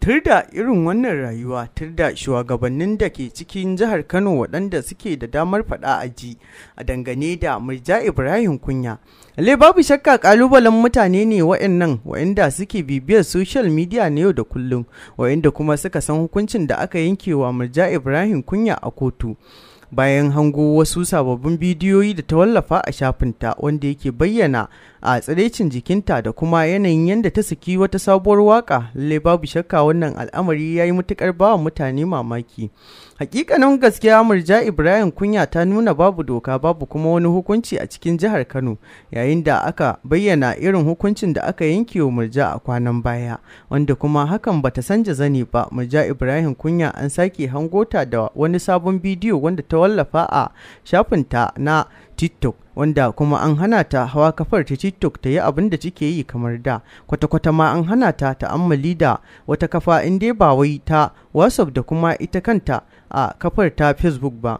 tur da irin wannan rayuwa tur da shugabannin da ke cikin jihar kano waɗanda suke da damar faɗa a ji a dangane da murja ibrahim kunya ale babu shakka kalubalen mutane ne waɗannan waɗanda suke bibiyar social media na yau da kullum waɗanda kuma suka san hukuncin da aka yanke wa murja ibrahim kunya a kotu bayan hango wasu sababbin bidiyoyi da ta wallafa a shafinta wanda yake bayyana a tsiraicin jikinta da kuma yanayin yadda ta saki wata sabuwar waka lalle babu shakka wannan al'amari ya yi matukar bawa mutane mamaki hakikanin gaskiya murja ibrahim kunya ta nuna babu doka babu kuma wani hukunci a cikin jihar kano yayin da aka bayyana irin hukuncin da aka yanke wa murja a kwanan baya wanda kuma hakan bata sanja zani ba murja ibrahim kunya an sake hangota da wani sabon bidiyo wanda ta wallafa a shafinta na tiktok wanda kuma an hana ta hawa kafar ta tiktok ta yi abin da take yi kamar da kwata-kwata ma an hana ta ta'ammali da wata kafa inda ba wai ta whatsapp da kuma ita kanta a kafar ta facebook ba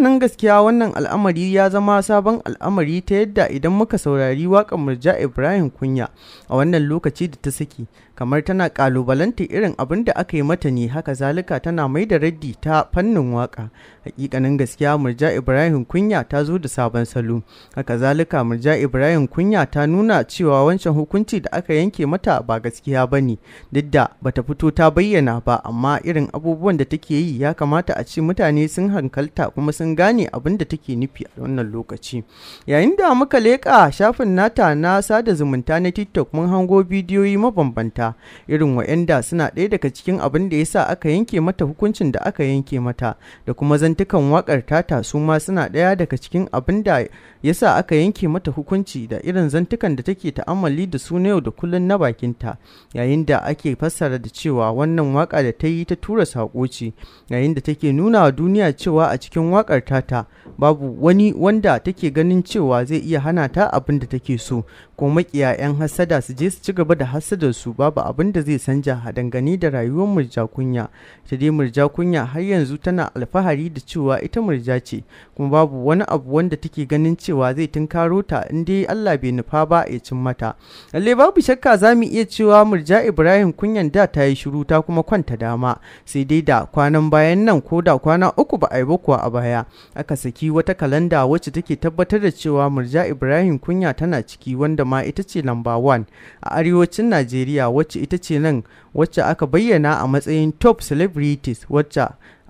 nan gaskiya wannan al'amari ya zama sabon al'amari ta yadda idan muka saurari waƙar murja ibrahim kunya a wannan lokaci da ta saki kamar tana kalubalanta irin abin da aka yi mata ne haka zalika tana mai da raddi ta fannin waka hakikanin gaskiya murja ibrahim kunya ta zo da sabon salo haka zalika murja ibrahim kunya ta nuna cewa wancan hukunci da aka yanke mata ba gaskiya ba ne duk da bata fito ta bayyana ba amma irin abubuwan da take yi ya kamata a ce mutane sun hankalta kuma sun gane abin da take nufi a wannan lokaci yayin da muka leƙa shafin nata na sada zumunta na tiktok mun hango bidiyoyi mabambanta irin wa'yanda suna ɗaya daga cikin abin da ya sa aka yanke mata hukuncin da aka yanke mata da kuma zantukan wakar tata su ma suna ɗaya daga cikin abin da ya sa aka yanke mata hukunci da irin zantukan da take ta'ammali da su na yau da kullun na bakinta yayin da ake fassara da cewa wannan waƙa da ta yi ta tura saƙo ce yayin da take nuna wa duniya cewa a cikin waƙar tata babu wani wanda take ganin cewa zai iya hana ta abin da take so ko makiya 'yan hasada su je su ci gaba da hasada su babu abin da zai sanja a dangane da rayuwar murja kunya ta dai murja kunya har yanzu tana alfahari da cewa ita murja ce kuma babu wani abu wanda take ganin cewa zai tunkaro ta in dai Allah bai nufa ba ya cin mata lalle babu shakka za mu iya cewa murja Ibrahim kunyan da ta yi shiru ta kuma kwanta dama sai dai da kwanan bayan nan ko da kwana uku ba a yi kuwa a baya aka saki wata kalanda wacce take tabbatar da cewa murja Ibrahim kunya tana ciki wanda amma ita ce number one a arewacin Najeriya wacce ita ce nan wacce aka bayyana a matsayin top celebrities wacce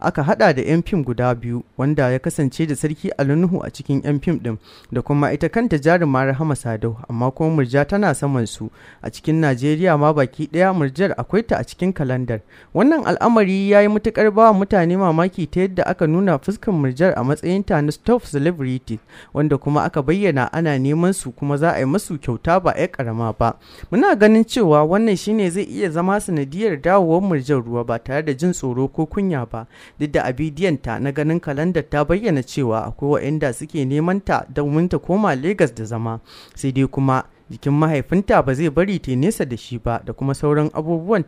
aka hada da 'yan fim guda biyu wanda ya kasance da sarki Alunuhu a cikin 'yan fim din da kuma ita kanta jarumar Rahama Sadau amma kuma murja tana saman su a cikin Najeriya ma baki daya murjar akwai ta a cikin kalandar wannan al'amari ya yi matukar ba mutane mamaki ta yadda aka nuna fuskar murjar a matsayin ta na stop celebrity wanda kuma aka bayyana ana neman su kuma za a yi masu kyauta ba 'ya karama ba muna ganin cewa wannan shine zai iya zama sanadiyar dawowar murjar ruwa ba tare da jin tsoro ko kunya ba duk da a na ganin kalandar ta bayyana cewa akwai wa'inda suke neman ta domin ta koma Legas da zama sai dai kuma jikin mahaifinta ba zai bari ta nesa da shi ba da kuma sauran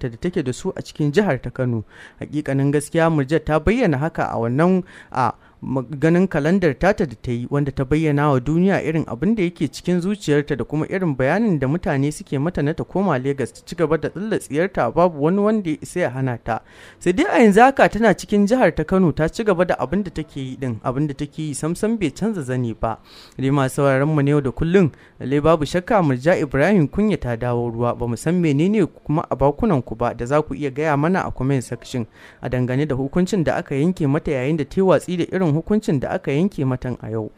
ta da take da su a cikin jihar ta Kano hakikanin gaskiya Murja ta bayyana haka a wannan a ganin kalandar tata da ta yi wanda ta bayyana wa duniya irin abin da yake cikin zuciyarta da kuma irin bayanin da mutane suke mata na ta koma Legas ta ci gaba da tsalla tsiyarta babu wani wanda ya isa ya hana ta sai dai a yanzu haka tana cikin jihar ta Kano ta ci gaba da abin da take yi din abin da take yi samsam bai canza zane ba dai masu sauraron mu ne da kullum lai babu shakka Murja Ibrahim kunya ta dawo ruwa ba mu san menene kuma a bakunan ku ba da za ku iya gaya mana a comment section a dangane da hukuncin da aka yanke mata yayin da ta watsi da irin hukuncin da aka yanke matan a yau